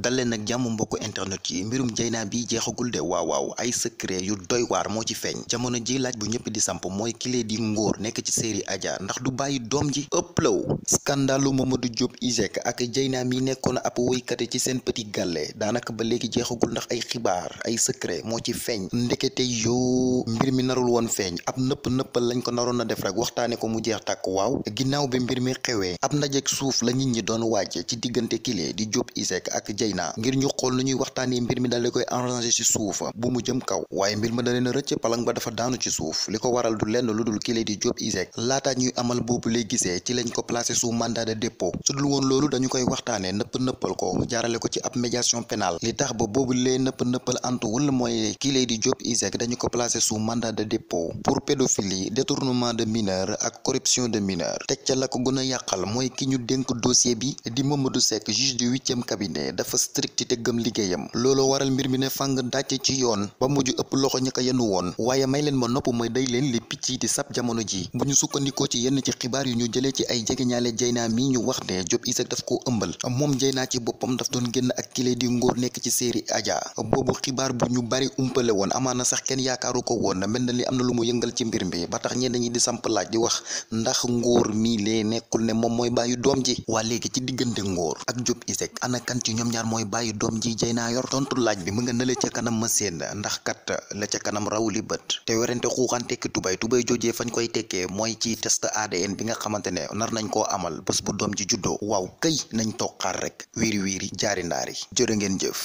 dalee nag jàmm mbokk internet yi mbirum Dieyna bi jeexagul de waaw waaw ay secret yu doy waar moo ci feeñ jamono ji laaj bu ñëpp di samp mooy kile di ngóor nekk ci série Adja ndax du bàyyi doom ji ëpplaw scandalu Mamadou Diop ISEC ak Dieyna mi nekkoon ab woykate ci seen petit gàlle daanaka ba léegi jeexagul ndax ay xibaar ay secret moo ci feeñ ndekete yoo mbir mi narul woon feeñ ab nëpp nëppal lañ ko naroon a def rek waxtaane ko mu jeex tàkk waaw ginnaaw bi mbir mi xewee ab ndajeek suuf la nit ñi doon wàcce ci diggante kile di Diop ISEC ak Dieyna Seyna ngir ñu xool nu ñuy waxtaanee mbir mi daal di koy arrangé ci suuf bu mu jëm kaw waaye mbir ma daleen a rëcc palang ba dafa daanu ci suuf li ko waral du lenn lu dul kile di Diop ISEG laata ñuy amal boobu lay gisee ci lañ ko placé sous mandat de dépôt su dul woon loolu dañu koy waxtaanee nëpp nëppal ko jaarale ko ci ab médiation pénale li tax ba boobu lee nëpp nëppal antuwul mooy kile di Diop ISEG dañu ko placé sous mandat de dépôt pour pédophilie détournement a strict te gëm liggéeyam looloo waral mbir mi ne fàng dàcc ci yoon ba mujj ëpp loxo ñi ko woon waaye may leen ma nopp mooy day leen li picc di sab jamono ji bu ñu sukkandikoo ci yenn ci xibaar yu ñu jëlee ci ay jegeñaale Dieyna mi ñu wax ne Diop Iseg daf ko ëmbal moom Dieyna ci boppam daf doon génn ak kilé di ngóor nekk ci série Adja boobu xibaar bu ñu bari umpale woon amaana sax kenn yaakaaru ko woon mel na li am na lu mu yëngal ci mbir mi ba tax ñenn ñi di samp laaj di wax mii lee nekkul ne moom mooy bàyyi doom ji waa léegi ci diggante ngóor ak Diop Iseg mooy bàyyi doom ji jay naa yor tontu laaj bi mu nga nële ca kanam ma seen ndax kat la ca kanam raw li bët te werante xuuxaan tekki tubay tubay joojee ñu koy tekkee mooy ci test ADN bi nga xamante ne nar nañ koo amal bés bu doom ji juddoo waaw kay nañ toog xaar rek wiir wiiri jaari ndaari jërë ngeen jëf